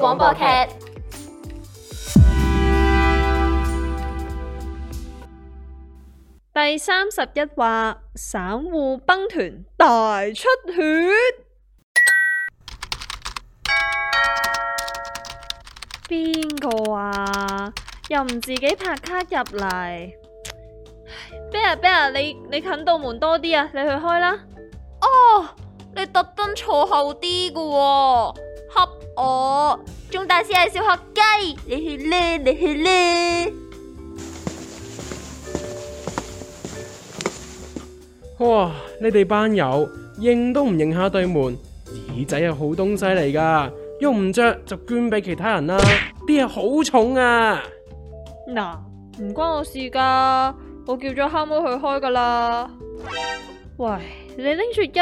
廣播劇第三十一話，散戶乓團大出血，邊個啊？又唔自己拍卡入嚟？Bear Bear，你你近到門多啲啊？你去開啦。哦，你特登坐後啲嘅喎。我、哦、鍾大師係小學雞，你去呢？你去呢？哇！你哋班友認都唔認下對門，耳仔係好東西嚟噶，用唔着就捐俾其他人啦。啲嘢好重啊！嗱，唔關我事噶，我叫咗黑妹去開噶啦。喂，你拎住一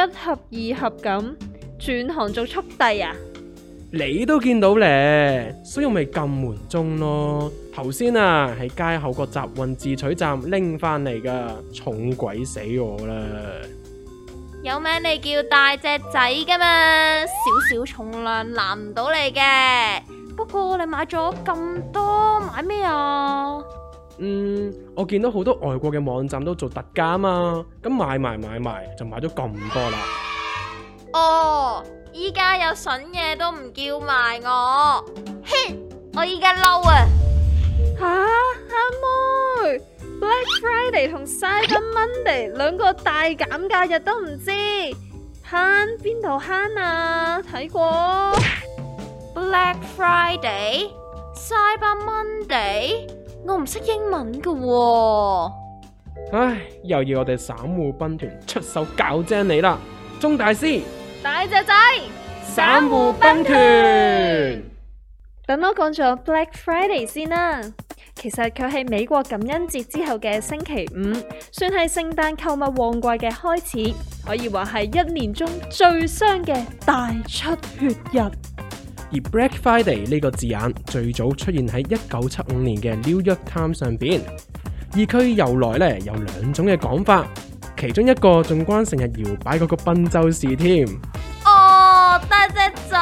盒二盒咁，轉行做速遞啊？你都見到咧，所以我咪撳門鐘咯。頭先啊，喺街口個集運自取站拎翻嚟噶，重鬼死我啦！有名你叫大隻仔噶嘛？少少重量難唔到你嘅。不過你買咗咁多，買咩啊？嗯，我見到好多外國嘅網站都做特價嘛，咁買埋買埋，就買咗咁多啦。哦。依家有筍嘢都唔叫埋我，哼！我依家嬲啊！吓，阿妹，Black Friday 同 Cyber Monday 兩個大減價日都唔知慳邊度慳啊！睇過 Black Friday、Cyber Monday，我唔識英文噶喎。唉，又要我哋散戶乒團出手搞正你啦，鍾大師。大隻仔，散戶乒團。等我講咗 Black Friday 先啦。其實佢係美國感恩節之後嘅星期五，算係聖誕購物旺季嘅開始，可以話係一年中最傷嘅大出血日。而 Black Friday 呢個字眼最早出現喺一九七五年嘅 New York Times 上邊，而佢由來咧有兩種嘅講法。其中一個仲關成日搖擺嗰個賓州事添。哦，大隻仔，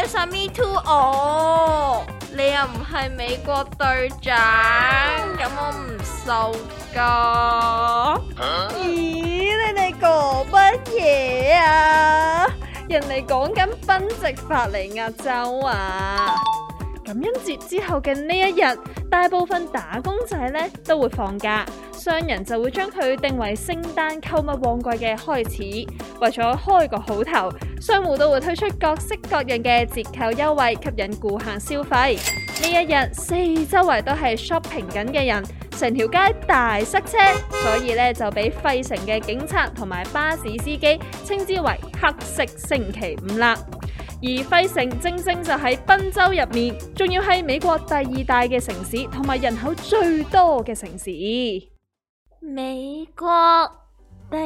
你想 me too 我？你又唔係美國隊長，咁我唔受㗎。啊、咦？你哋講乜嘢啊？人哋講緊賓夕法尼亞州啊。感恩節之後嘅呢一日，大部分打工仔咧都會放假，商人就會將佢定為聖誕購物旺季嘅開始，為咗開個好頭，商戶都會推出各式各樣嘅折扣優惠，吸引顧客消費。呢一日四周圍都係 shopping 緊嘅人，成條街大塞車，所以咧就俾費城嘅警察同埋巴士司機稱之為黑色星期五啦。而費城正正就喺賓州入面，仲要係美國第二大嘅城市，同埋人口最多嘅城市。美國第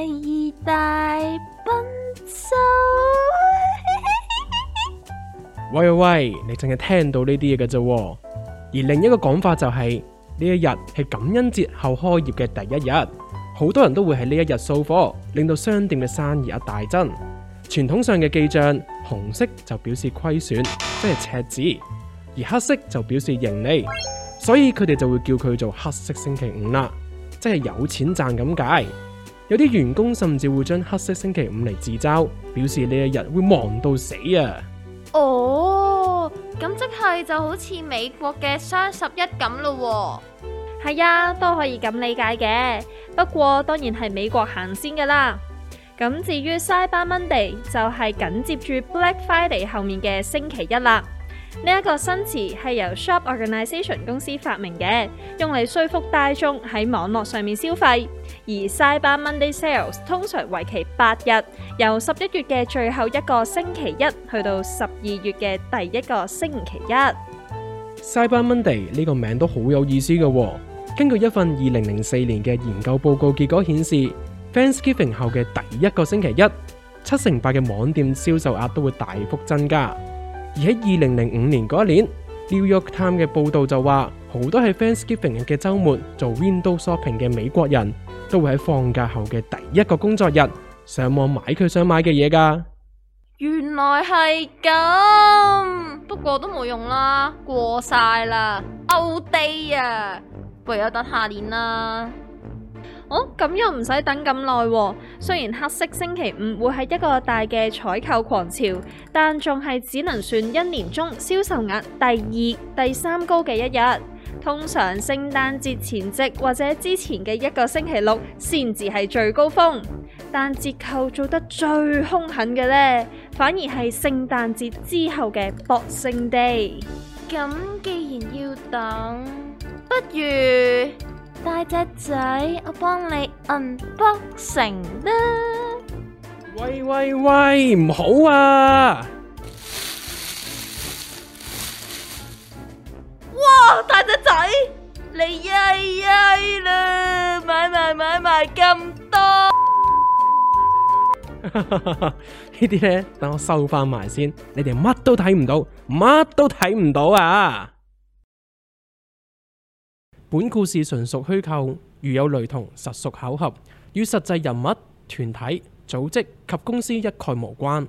二大賓州。 喂喂，喂，你淨係聽到呢啲嘢嘅啫。而另一個講法就係、是、呢一日係感恩節後開業嘅第一日，好多人都會喺呢一日掃貨，令到商店嘅生意額大增。傳統上嘅記賬，紅色就表示虧損，即係赤字；而黑色就表示盈利，所以佢哋就會叫佢做黑色星期五啦，即係有錢賺咁解。有啲員工甚至會將黑色星期五嚟自嘲，表示呢一日會忙到死啊！哦，咁即係就好似美國嘅雙十一咁咯，係呀，都可以咁理解嘅。不過當然係美國行先噶啦。咁至於 Cyber Monday 就係緊接住 Black Friday 後面嘅星期一啦。呢一個新詞係由 Shop Organization 公司發明嘅，用嚟說服大眾喺網絡上面消費。而 Cyber Monday Sales 通常為期八日，由十一月嘅最後一個星期一去到十二月嘅第一個星期一。Cyber Monday 呢個名都好有意思嘅。根據一份二零零四年嘅研究報告，結果顯示。Thanksgiving 後嘅第一個星期一，七成八嘅網店銷售額都會大幅增加。而喺二零零五年嗰一年，New York Times 嘅報道就話，好多喺 Thanksgiving 嘅周末做 Window Shopping 嘅美國人，都會喺放假後嘅第一個工作日上網買佢想買嘅嘢噶。原來係咁，不過都冇用啦，過晒啦，All Day 啊，不如等下年啦。哦，咁又唔使等咁耐啊。雖然黑色星期五會係一個大嘅採購狂潮，但仲係只能算一年中銷售額第二、第三高嘅一日。通常聖誕節前夕或者之前嘅一個星期六先至係最高峰，但折扣做得最兇狠嘅呢，反而係聖誕節之後嘅 Boxing Day。咁既然要等，不如。大隻仔，我幫你 unbox 成啦！喂喂喂，唔好啊！哇，大隻仔，你曳曳啦，買埋買埋咁多， 呢啲咧，等我收翻埋先，你哋乜都睇唔到，乜都睇唔到啊！本故事純屬虛構，如有雷同，實屬巧合，與實際人物、團體、組織及公司一概無關。